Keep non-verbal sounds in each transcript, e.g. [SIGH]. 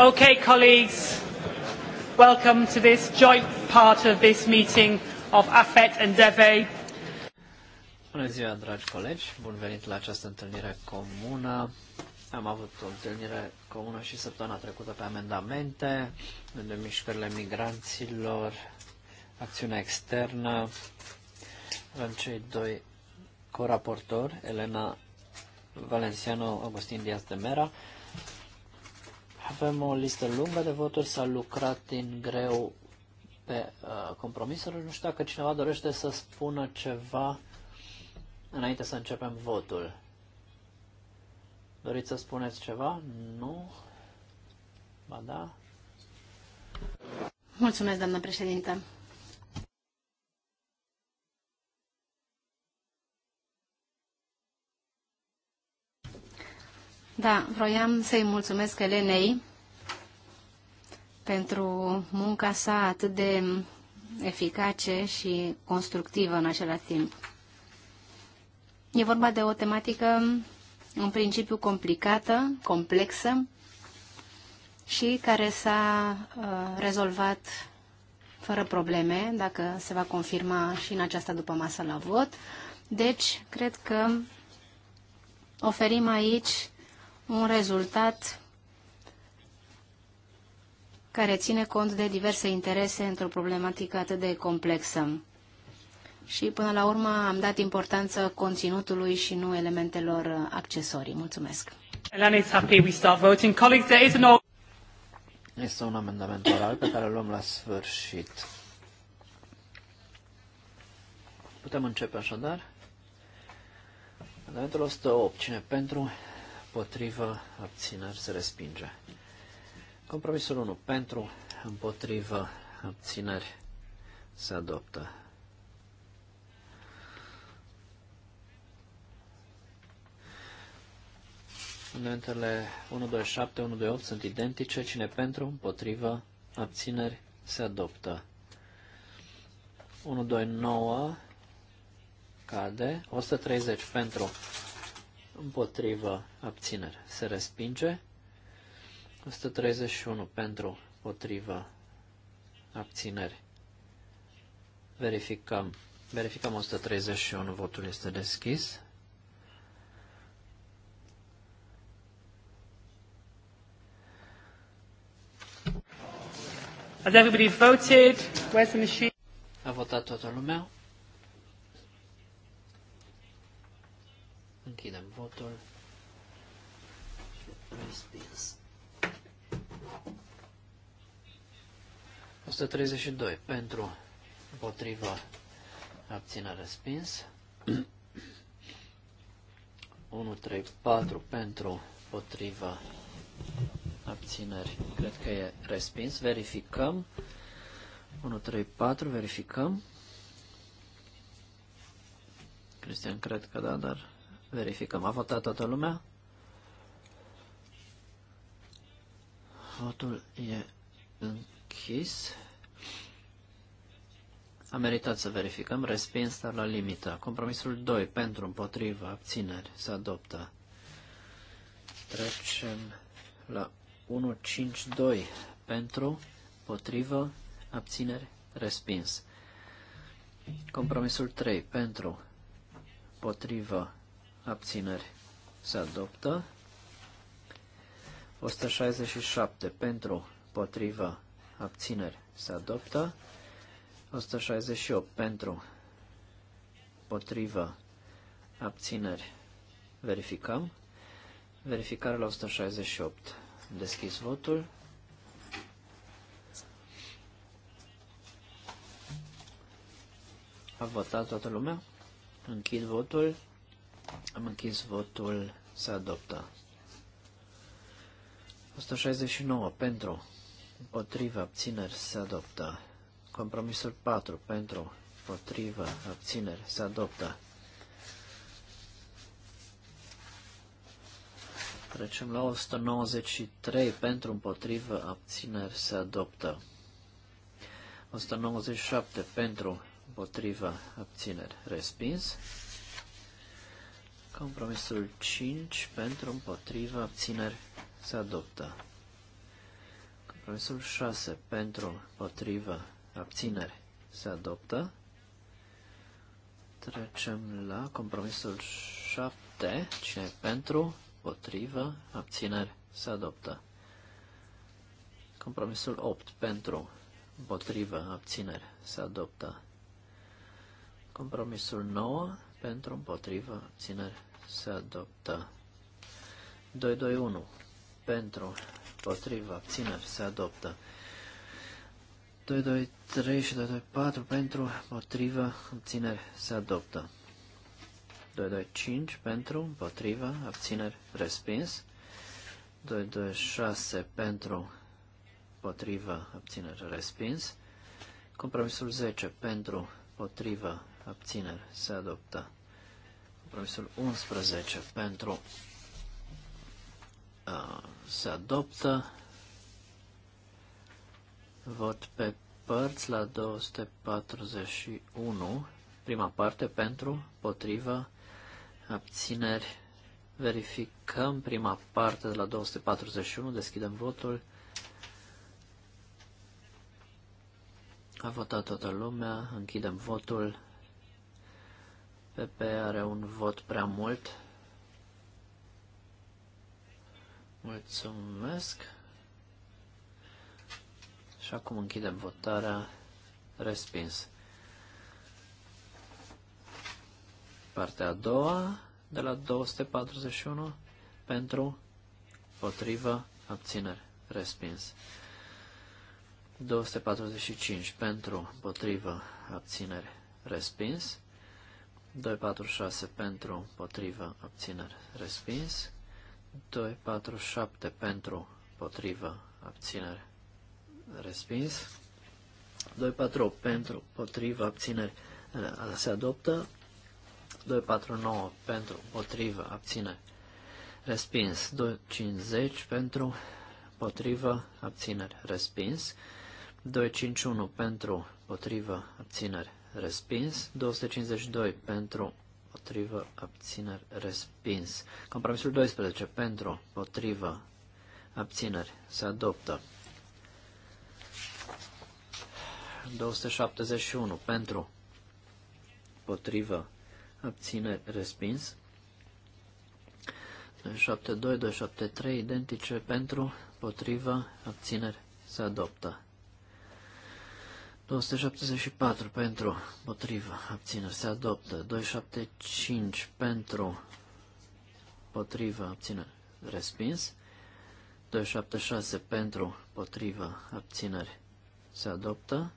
Okay, colleagues, welcome to this joint part of this meeting of AFET and DEVE. Bună ziua, dragi colegi, bun venit la această întâlnire comună. Am avut o întâlnire comună și săptămâna trecută pe amendamente, de mișcările migranților, acțiunea externă. Avem cei doi coraportori, Elena Valenciano Agustin Diaz de Mera, avem o listă lungă de voturi, s-a lucrat din greu pe uh, compromisuri. Nu știu dacă cineva dorește să spună ceva înainte să începem votul. Doriți să spuneți ceva? Nu? Ba da? Mulțumesc, doamnă președintă. Da, vroiam să-i mulțumesc Elenei pentru munca sa atât de eficace și constructivă în același timp. E vorba de o tematică în principiu complicată, complexă și care s-a uh, rezolvat fără probleme, dacă se va confirma și în această după masă la vot. Deci, cred că oferim aici un rezultat care ține cont de diverse interese într-o problematică atât de complexă. Și până la urmă am dat importanță conținutului și nu elementelor accesorii. Mulțumesc. Este un amendament oral pe care îl luăm la sfârșit. Putem începe așadar. Amendamentul 108. Cine pentru? împotrivă, abțineri, se respinge. Compromisul 1 pentru, împotrivă, abțineri, se adoptă. Fundamentele 2, 8 sunt identice. Cine pentru, împotrivă, abțineri, se adoptă. 9 cade. 130 pentru, împotrivă abținere se respinge. 131 pentru împotriva abținere. Verificăm. Verificăm 131, votul este deschis. Has everybody voted? Where's the machine? A votat toată lumea. Închidem votul. și Respins. 132 [CLEARS THROAT] pentru, împotriva, abține respins. 1, 3, 4 pentru, împotriva, abțineri. Cred că e respins. Verificăm. 1, 3, 4, verificăm. Cristian, cred că da, dar Verificăm. A votat toată lumea? Votul e închis. A meritat să verificăm. Respins, dar la limită. Compromisul 2. Pentru, împotriva, abțineri. Se adoptă. Trecem la 152. Pentru, potrivă abțineri. Respins. Compromisul 3. Pentru, potrivă abțineri se adoptă. 167 pentru, potrivă, abțineri se adoptă. 168 pentru, potrivă, abțineri verificăm. Verificare la 168. Deschis votul. A votat toată lumea? Închid votul. Am închis votul. Se adoptă. 169 pentru. Împotrivă. Abțineri. Se adoptă. Compromisul 4 pentru. Împotrivă. Abțineri. Se adoptă. Trecem la 193 pentru împotrivă abțineri se adoptă. 197 pentru împotrivă abțineri respins. Compromisul 5 pentru împotriva abțineri se adoptă. Compromisul 6 pentru împotriva abțineri se adoptă. Trecem la compromisul 7. Cine pentru, potrivă, abțineri, se adoptă. Compromisul 8. Pentru, potrivă, abțineri, se adoptă. Compromisul 9. Pentru, împotrivă, abțineri, se adoptă. 221 pentru, potriva abține se adoptă. 223 și 224 pentru, potriva abțineri, se adoptă. 225 pentru, potriva abțineri, respins. 226 pentru, potriva abțineri, respins. Compromisul 10 pentru, potriva abțineri, se adoptă. Compromisul 11 pentru uh, se adoptă. Vot pe părți la 241. Prima parte pentru, potrivă, abțineri. Verificăm prima parte de la 241. Deschidem votul. A votat toată lumea. Închidem votul PP are un vot prea mult. Mulțumesc. Și acum închidem votarea. Respins. Partea a doua de la 241 pentru potrivă abțineri. Respins. 245 pentru potrivă abțineri. Respins. 246 pentru, potrivă abținere respins. 247 pentru, potrivă abținere respins. 248 pentru, potrivă abținere eh, se adoptă. 249 pentru, potrivă abțineri, respins. 250 pentru, potrivă abțineri, respins. 251 pentru, potrivă abțineri, respins, 252 pentru, potrivă, abțineri, respins. Compromisul 12 pentru, potrivă, abțineri, se adoptă. 271 pentru, potrivă, abțineri, respins. 272, 273, identice pentru, potrivă, abțineri, se adoptă. 274 pentru, potrivă, abțineri se adoptă. 275 pentru, potrivă, abțineri respins. 276 pentru, potrivă, abțineri se adoptă.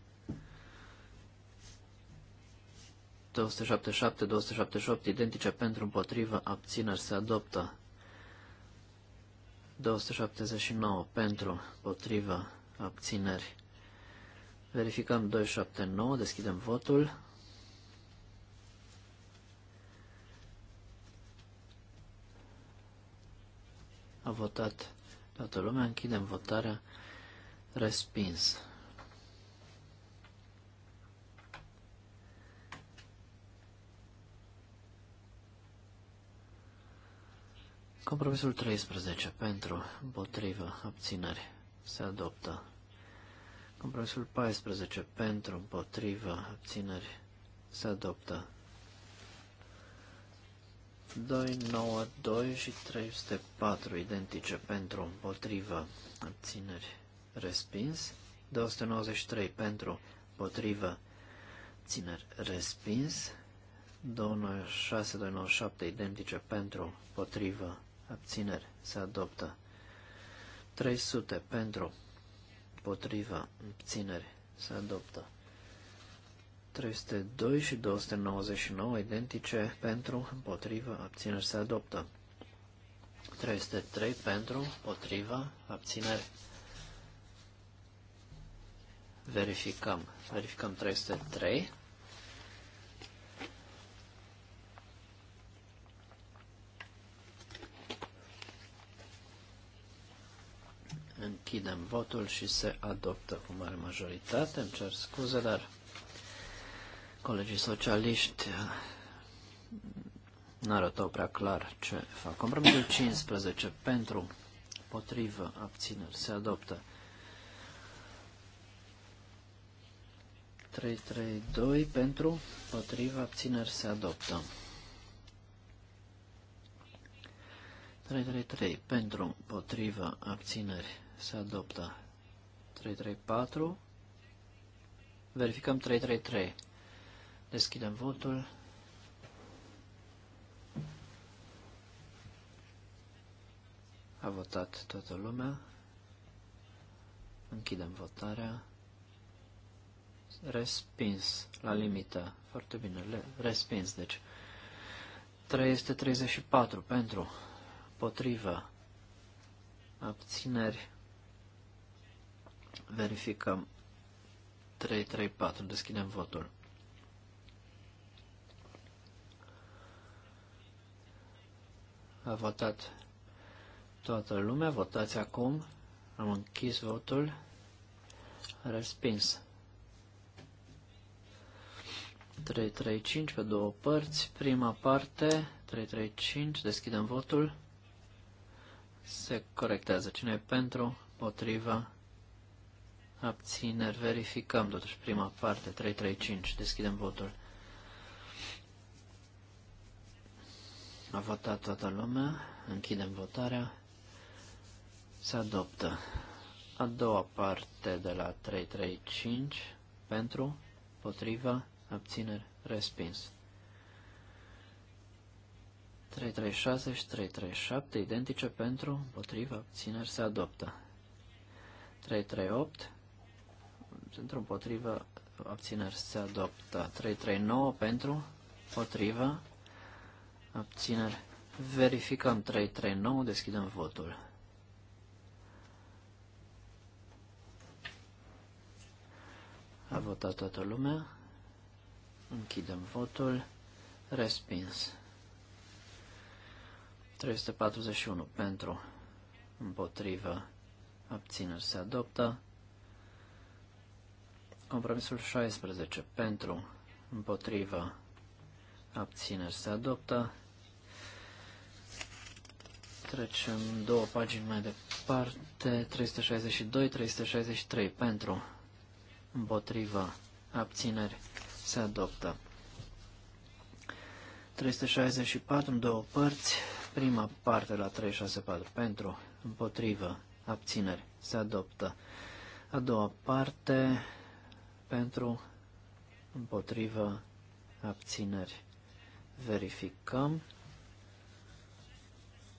277, 278 identice pentru, împotrivă, abțineri se adoptă. 279 pentru, potrivă, abțineri Verificăm 279, deschidem votul. A votat toată lumea, închidem votarea, respins. Compromisul 13 pentru împotrivă abținere se adoptă. Compromisul 14 pentru, împotriva, abțineri se adoptă. 2, 9, 2 și 304 identice pentru, împotriva, abțineri respins. 293 pentru, împotriva, abțineri respins. 296, 297 identice pentru, împotrivă, abțineri se adoptă. 300 pentru, împotriva, abținere, se adoptă. 302 și 299 identice pentru, împotriva, abțineri se adoptă. 303 pentru, împotriva, abțineri. Verificăm. Verificăm 303. Închidem votul și se adoptă cu mare majoritate. Îmi cer scuze, dar colegii socialiști uh, nu arătau prea clar ce fac. Compromisul 15 pentru, potrivă, abțineri, se adoptă. 332 pentru, potrivă, abțineri, se adoptă. 333 pentru, potrivă, abțineri, se adoptă. 334. Verificăm 333. Deschidem votul. A votat toată lumea. Închidem votarea. Respins la limită. Foarte bine. Respins, deci. 334 pentru. Potrivă. Abțineri Verificăm. 334. Deschidem votul. A votat toată lumea. Votați acum. Am închis votul. Respins. 335 pe două părți. Prima parte, 335, deschidem votul. Se corectează cine e pentru, potriva, abțineri, verificăm totuși prima parte, 3-3-5. deschidem votul. A votat toată lumea, închidem votarea, se adoptă. A doua parte de la 3-3-5. pentru, potriva, abțineri, respins. 336 și 337 identice pentru, potriva, abțineri se adoptă. 338 pentru împotrivă, abțineri se adoptă. 339 pentru potrivă, abțineri. Verificăm 339, deschidem votul. A votat toată lumea. Închidem votul. Respins. 341 pentru, împotrivă, abțineri se adoptă. Compromisul 16 pentru, împotrivă, abțineri se adoptă. Trecem două pagini mai departe, 362-363 pentru, împotrivă, abțineri se adoptă. 364 în două părți, prima parte la 364 pentru, împotrivă, abțineri se adoptă. A doua parte pentru, împotrivă, abțineri. Verificăm.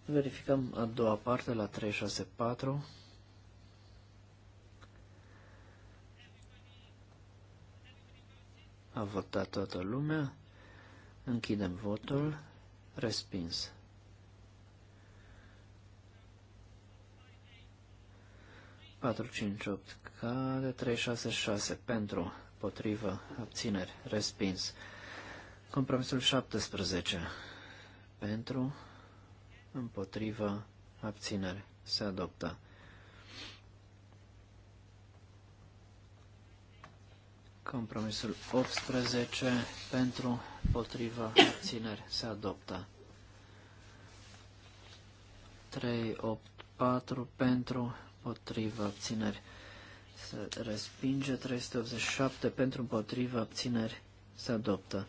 Verificăm a doua parte la 364. A votat toată lumea. Închidem votul. Respins. 4, 5, 8 cade, 3, 6, 6 pentru, potrivă, abțineri, respins. Compromisul 17 pentru, împotrivă, abțineri, se adoptă. Compromisul 18 pentru, potrivă, abțineri, se adoptă. 3, 8, 4 pentru, împotriva abțineri se respinge, 387 pentru împotriva abțineri se adoptă,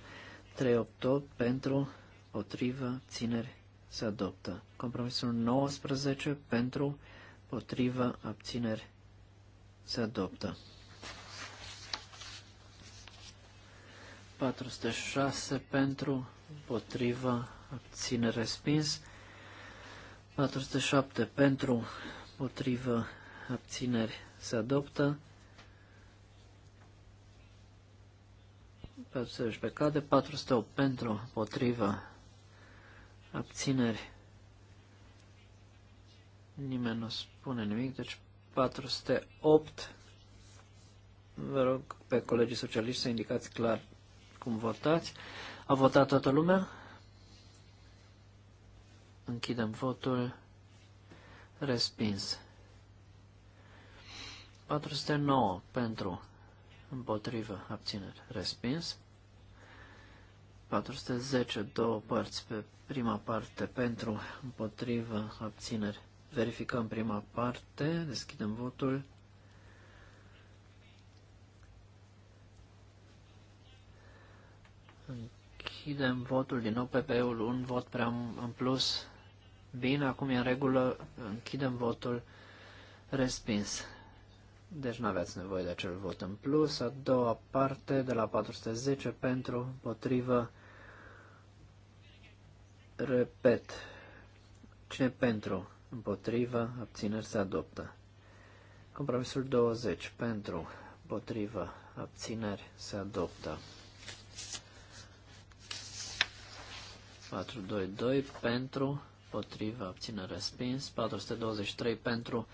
388 pentru împotriva abțineri se adoptă, compromisul 19 pentru împotriva abțineri se adoptă. 406 pentru, împotriva, abțineri respins. 407 pentru, împotrivă, abțineri se adoptă. 470 pe cade, 408 pentru, împotrivă, abțineri. Nimeni nu spune nimic, deci 408. Vă rog pe colegii socialiști să indicați clar cum votați. A votat toată lumea? Închidem votul. Respins. 409 pentru, împotrivă, abțineri, respins. 410, două părți pe prima parte pentru, împotrivă, abțineri. Verificăm prima parte, deschidem votul. Închidem votul din nou pe ul un vot prea în plus. Bine, acum e în regulă, închidem votul, respins. Deci nu aveați nevoie de acel vot în plus. A doua parte, de la 410 pentru, potrivă, repet, cine pentru, împotrivă, abțineri se adoptă. Compromisul 20, pentru, potrivă, abțineri se adoptă. 422 pentru, împotrivă, abține respins. 423 pentru,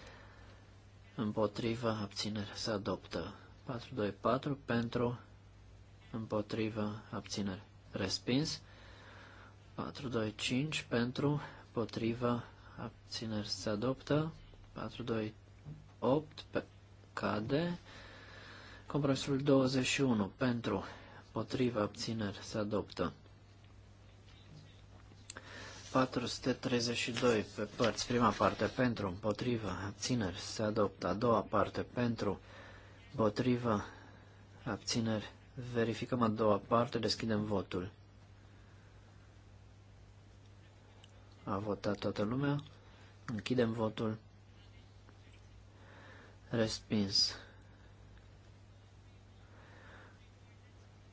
împotrivă, abținere, se adoptă. 424 pentru, împotrivă, abținere, respins. 425 pentru, împotrivă, abținere, se adoptă. 428 pe, cade. Compromisul 21 pentru, împotrivă, abțineri se adoptă. 432 pe părți, prima parte pentru, împotrivă, abțineri, se adoptă. A doua parte pentru, împotrivă, abțineri, verificăm a doua parte, deschidem votul. A votat toată lumea, închidem votul, respins.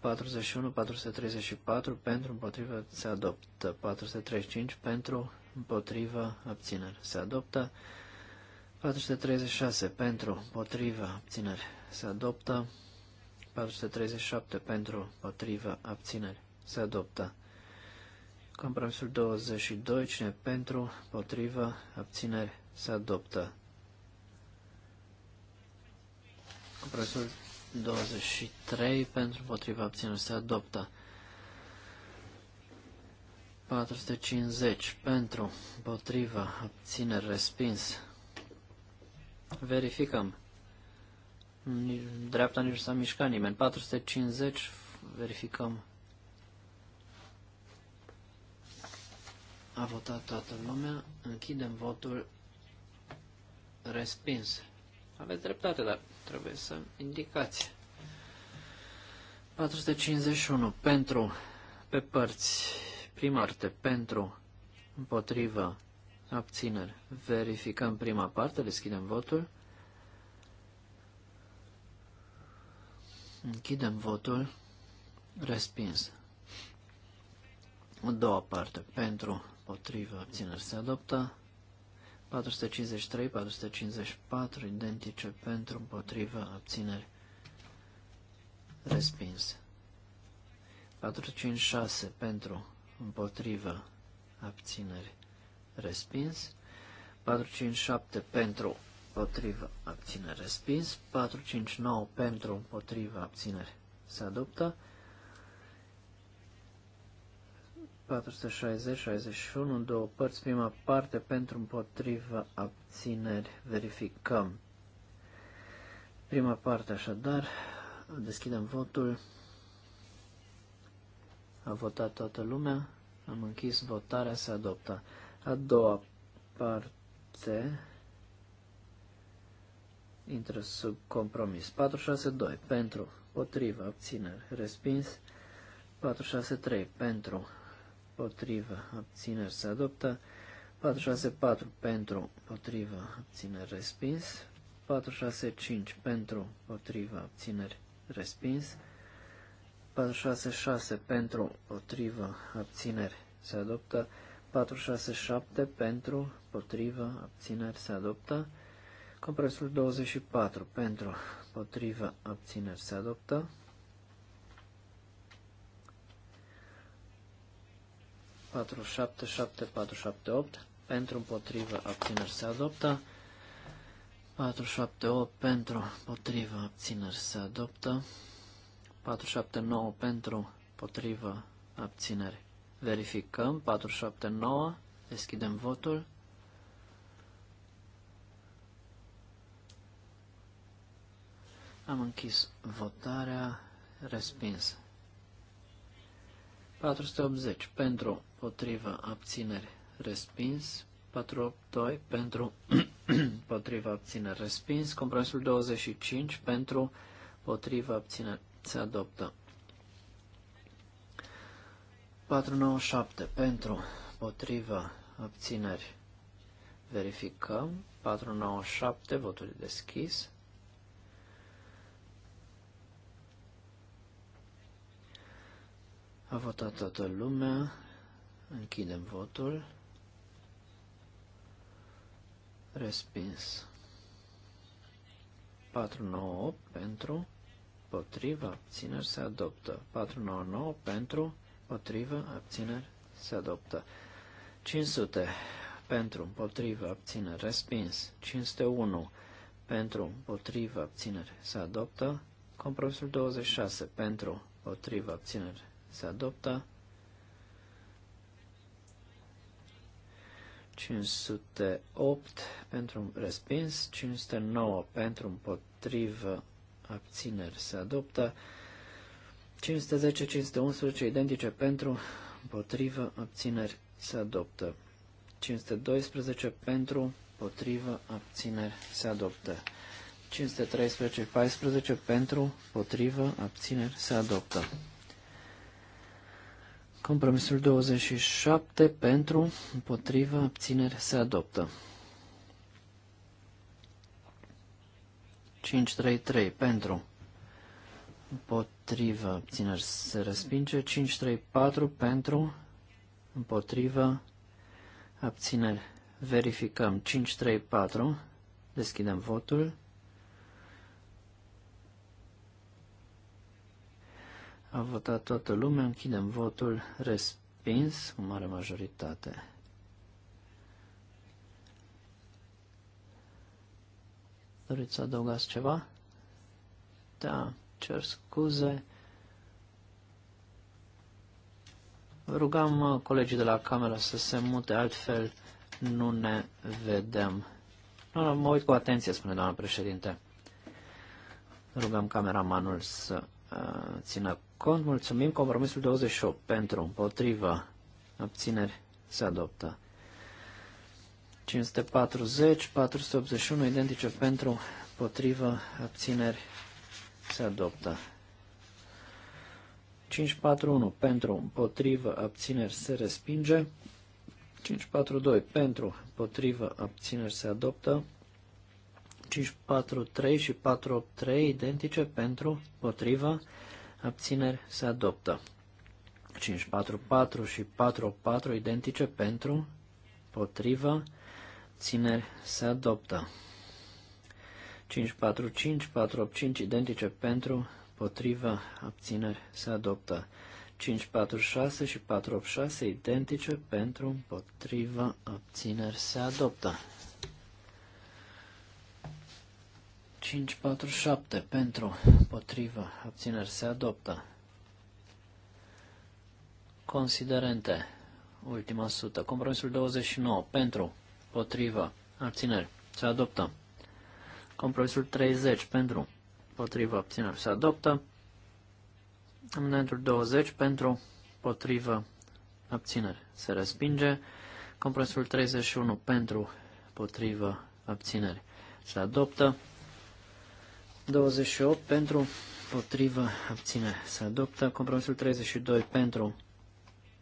41, 434 pentru, împotrivă, se adoptă. 435 pentru, împotrivă, abțineri, se adoptă. 436 pentru, împotrivă, abțineri, se adoptă. 437 pentru, împotrivă, abțineri, se adoptă. Compromisul 22, cine pentru, împotrivă, abțineri, se adoptă. Compromisul 23 pentru potriva abțineri se adoptă. 450 pentru potriva abțineri respins. Verificăm. Dreapta nici nu s-a mișcat nimeni. 450 verificăm. A votat toată lumea. Închidem votul respins. Aveți dreptate, dar trebuie să indicați. 451 pentru, pe părți, prima parte pentru, împotrivă, abțineri. Verificăm prima parte, deschidem votul. Închidem votul. Respins. O doua parte pentru, împotrivă, abțineri se adoptă. 453, 454, identice pentru, împotrivă, abțineri, respins. 456 pentru, împotrivă, abțineri, respins. 457 pentru, împotrivă, abțineri, respins. 459 pentru, împotrivă, abțineri, se adoptă. 460, 61, două părți, prima parte pentru împotrivă abțineri. Verificăm. Prima parte așadar, deschidem votul. A votat toată lumea, am închis votarea, se adoptă. A doua parte intră sub compromis. 462 pentru, potrivă, abțineri, respins. 463 pentru, Potrivă, abțineri se adoptă, 464 pentru, potrivă, abțineri respins, 465 pentru, potrivă, abțineri respins, 466 pentru, potrivă, abțineri se adoptă, 467 pentru, potrivă, abțineri se adoptă, compresul 24 pentru, potrivă, abțineri se adoptă, 477478 pentru împotrivă abțineri se adoptă. 478 pentru împotrivă abțineri se adoptă. 479 pentru împotrivă abțineri. Verificăm 479, deschidem votul. Am închis votarea, respins. 480 pentru potriva abțineri respins, 482 pentru [CLEARS THROAT] potriva abțineri respins, compromisul 25 pentru potriva abțineri se adoptă. 497 pentru potriva abțineri verificăm, 497 votul deschis. A votat toată lumea, Închidem votul. Respins. 498 pentru, potrivă, abțineri, se adoptă. 499 pentru, potrivă, abțineri, se adoptă. 500 pentru, potrivă, abțineri, respins. 501 pentru, potrivă, abțineri, se adoptă. Compromisul 26 pentru, potrivă, abțineri, se adoptă. 508 pentru respins, 509 pentru împotrivă, abțineri se adoptă, 510, 511 identice pentru împotrivă, abțineri se adoptă, 512 pentru împotrivă, abțineri se adoptă, 513, 14 pentru împotrivă, abțineri se adoptă. Compromisul 27 pentru, împotriva, abțineri se adoptă. 533 pentru, împotriva, abțineri se respinge. 534 pentru, împotriva, abțineri verificăm. 534. deschidem votul. A votat toată lumea, închidem votul, respins cu mare majoritate. Doriți să adăugați ceva? Da, cer scuze. Rugam uh, colegii de la cameră să se mute, altfel nu ne vedem. Nu, nu, mă uit cu atenție, spune doamna președinte. Rugăm cameramanul să uh, țină cont. Mulțumim. Compromisul 28 pentru, împotriva, abțineri se adoptă. 540, 481 identice pentru, împotriva, abțineri se adoptă. 541 pentru, împotrivă, abțineri se respinge. 542 pentru, împotrivă, abțineri se adoptă. 543 și 483 identice pentru, împotrivă, abțineri se adoptă. 544 și 44 identice pentru, potrivă, țineri se adoptă. 545, 485 identice pentru, potrivă, abțineri se adoptă. 546 și 486 identice pentru, potrivă, abțineri se adoptă. 547 pentru, potrivă, abțineri se adoptă. Considerente, ultima sută. Compromisul 29 pentru, potrivă, abțineri se adoptă. Compromisul 30 pentru, potrivă, abțineri se adoptă. Amendamentul 20 pentru, potrivă, abțineri se respinge. Compromisul 31 pentru, potrivă, abțineri se adoptă. 28 pentru, potrivă, abține, se adoptă. Compromisul 32 pentru,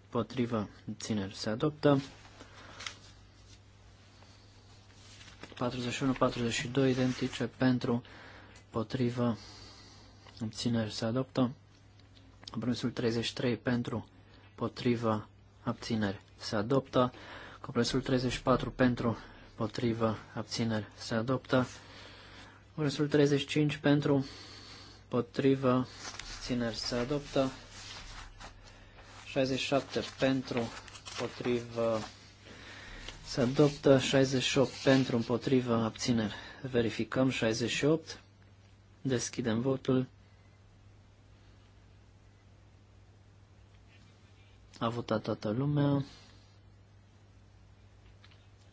potrivă, abține, se adoptă. 41-42 identice pentru, potrivă, abține, se adoptă. Compromisul 33 pentru, potrivă, abțineri se adoptă. Compromisul 34 pentru, potrivă, abțineri se adoptă. Versul 35 pentru potrivă țineri se adoptă. 67 pentru potrivă se adoptă. 68 pentru împotrivă abțineri. Verificăm 68. Deschidem votul. A votat toată lumea.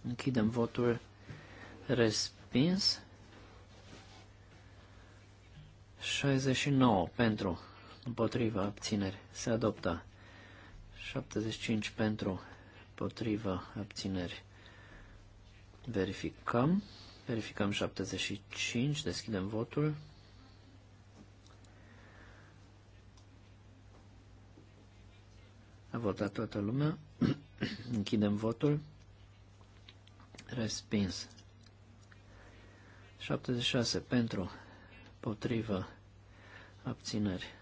Închidem votul respins. 69 pentru, împotriva, abțineri, se adoptă. 75 pentru, împotriva, abțineri. Verificăm. Verificăm 75, deschidem votul. A votat toată lumea. [CLEARS THROAT] Închidem votul. Respins. 76 pentru, potrivă, abținări.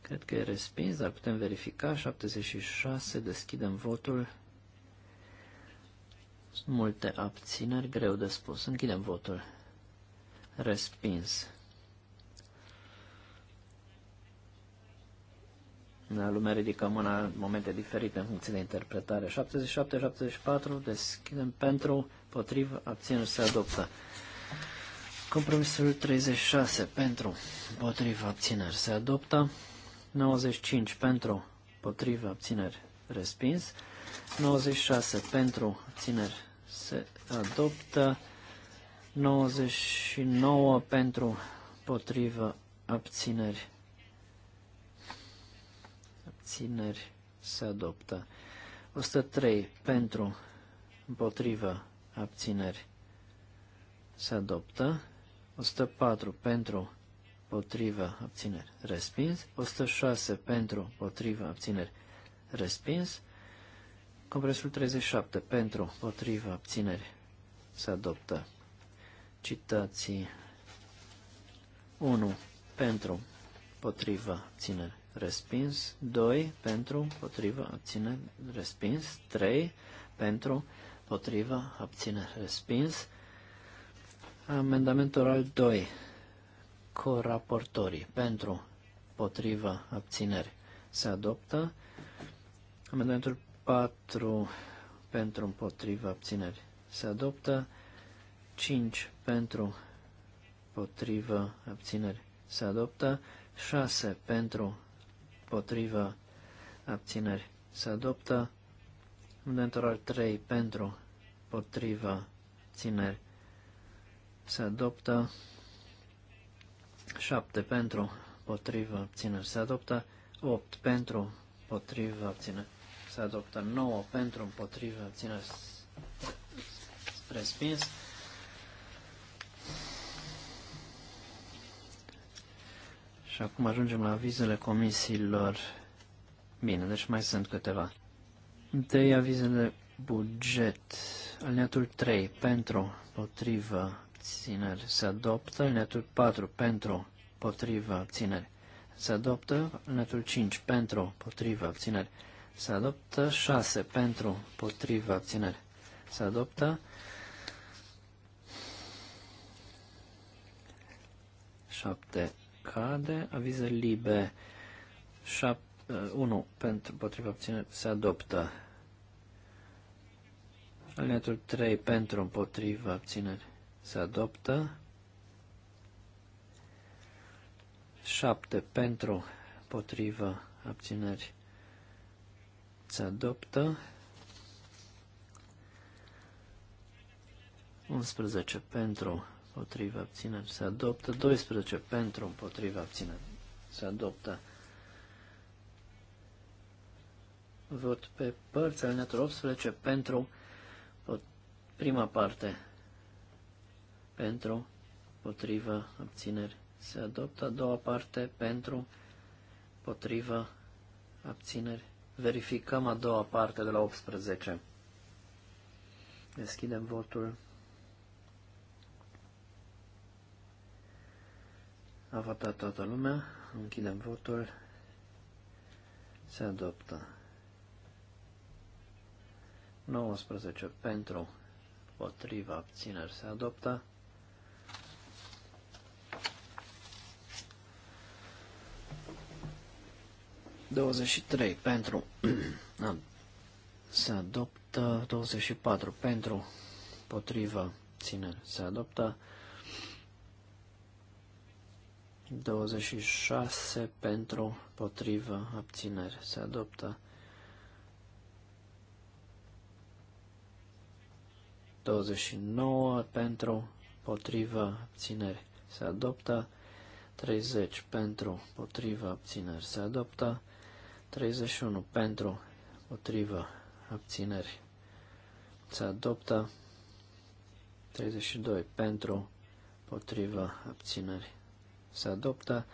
Cred că e respins, dar putem verifica. 76, deschidem votul. Sunt multe abțineri, greu de spus. Închidem votul. Respins. La da, lumea ridică mâna în momente diferite în funcție de interpretare. 77-74, deschidem pentru, potriv, abțineri se adoptă. Compromisul 36 pentru, potrivă, abțineri se adoptă. 95 pentru, potrivă, abțineri respins. 96 pentru, abțineri se adoptă. 99 pentru, potrivă, abțineri. Abțineri se adoptă. 103 pentru, potriva abțineri se adoptă. 104 pentru, potrivă, abțineri, respins. 106 pentru, potrivă, abțineri, respins. Compresul 37 pentru, potrivă, abțineri, se adoptă. Citații 1 pentru, potrivă, abțineri, respins. 2 pentru, potrivă, abțineri, respins. 3 pentru, potrivă, abțineri, respins. Amendamentul al 2. Coraportorii. Pentru. Potrivă. Abțineri. Se adoptă. Amendamentul 4. Pentru. Împotrivă. Abțineri. Se adoptă. 5. Pentru. Potrivă. Abțineri. Se adoptă. 6. Pentru. Potrivă. Abțineri. Se adoptă. Amendamentul al 3. Pentru. Potrivă. Abțineri se adoptă. 7 pentru, potrivă, abținere, se adoptă. 8 pentru, potrivă, abținere, se adoptă. 9 pentru, potrivă, abținere respins. Și acum ajungem la avizele comisiilor. Bine, deci mai sunt câteva. Întâi avizele buget. Alineatul 3. Pentru, potrivă, abțineri se adoptă, alineatul 4 pentru, potrivă, abțineri se adoptă, alineatul 5 pentru, potrivă, abțineri se adoptă, 6 pentru, potrivă, abțineri se adoptă, 7 cade, avize libe, 7, 1 uh, pentru, potrivă, abțineri se adoptă, Alinatul 3 pentru, împotriva abțineri se adoptă. 7 pentru, potrivă, abțineri, se adoptă. 11 pentru, potrivă abțineri se adoptă, 12 pentru împotriva abțineri se adoptă. Vot pe părți, alineatul 18 pentru prima parte pentru, potrivă, abțineri se adoptă. A doua parte pentru, potrivă, abțineri. Verificăm a doua parte de la 18. Deschidem votul. A votat toată lumea. Închidem votul. Se adoptă. 19 pentru, potriva, abțineri se adoptă. 23 pentru [CLEARS THROAT] se adoptă, 24 pentru potrivă ține se adoptă, 26 pentru potrivă abțineri se adoptă, 29 pentru potrivă abțineri se adoptă, 30 pentru potrivă abțineri se adoptă, 31 pentru, potrivă, abțineri se adoptă. 32 pentru, potrivă, abțineri se adoptă.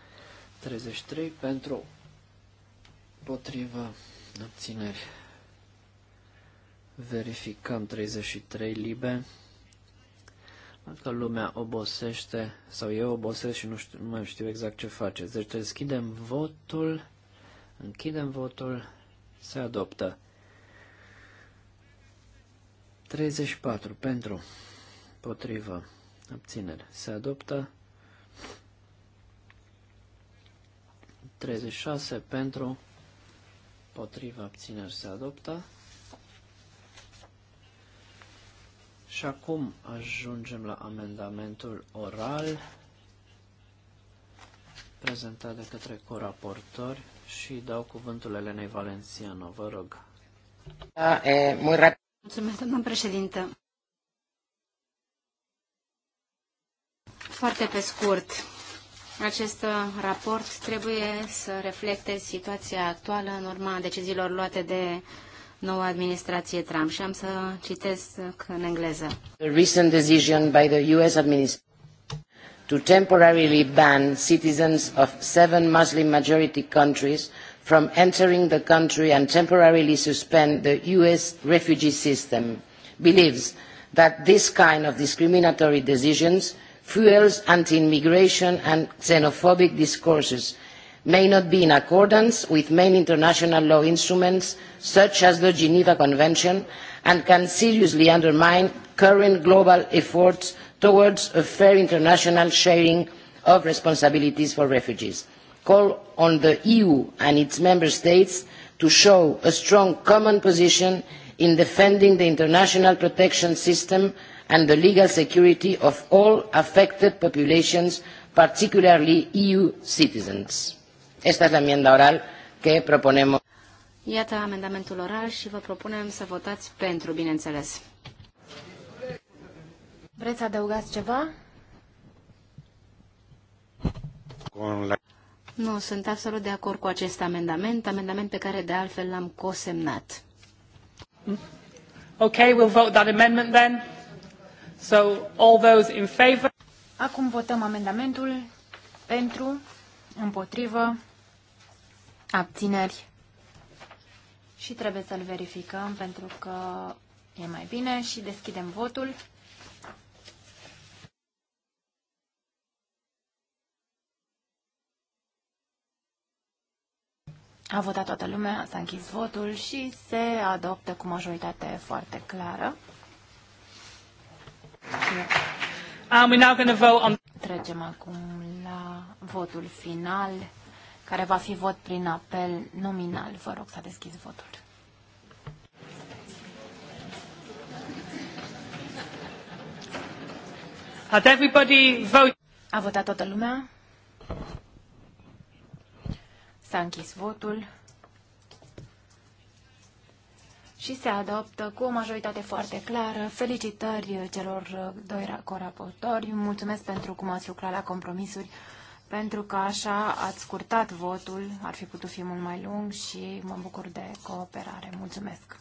33 pentru, potrivă, abțineri. Verificăm 33 libe. Dacă lumea obosește sau eu obosesc și nu, știu, nu mai știu exact ce face. Deci deschidem votul. Închidem votul. Se adoptă. 34 pentru. Potrivă. Abținere. Se adoptă. 36 pentru. Potrivă. Abținere. Se adoptă. Și acum ajungem la amendamentul oral prezentat de către coraportori și dau cuvântul Elenei Valenciano, vă rog. Da, Mulțumesc, domnul președinte. Foarte pe scurt, acest raport trebuie să reflecte situația actuală în urma deciziilor luate de noua administrație Trump și am să citesc în engleză. The recent decision by the US administration to temporarily ban citizens of seven Muslim majority countries from entering the country and temporarily suspend the US refugee system, believes that this kind of discriminatory decisions fuels anti-immigration and xenophobic discourses may not be in accordance with main international law instruments such as the Geneva Convention and can seriously undermine current global efforts towards a fair international sharing of responsibilities for refugees. Call on the EU and its member states to show a strong common position in defending the international protection system and the legal security of all affected populations, particularly EU citizens. Esta es la enmienda oral que proponemos. Iată amendamentul oral și vă propunem să votați pentru, bineînțeles. Vreți să adăugați ceva? Nu, sunt absolut de acord cu acest amendament, amendament pe care de altfel l-am cosemnat. Ok, we'll vote that amendment then. So, all those in favor... Acum votăm amendamentul pentru, împotrivă, abțineri. Și trebuie să-l verificăm pentru că e mai bine și deschidem votul. A votat toată lumea, s-a închis votul și se adoptă cu majoritate foarte clară. Um, we're now going to vote on... Trecem acum la votul final, care va fi vot prin apel nominal. Vă rog să deschizi votul. Had everybody vote... A votat toată lumea? S-a închis votul și se adoptă cu o majoritate foarte clară. Felicitări celor doi coraportori. Mulțumesc pentru cum ați lucrat la compromisuri, pentru că așa ați scurtat votul. Ar fi putut fi mult mai lung și mă bucur de cooperare. Mulțumesc!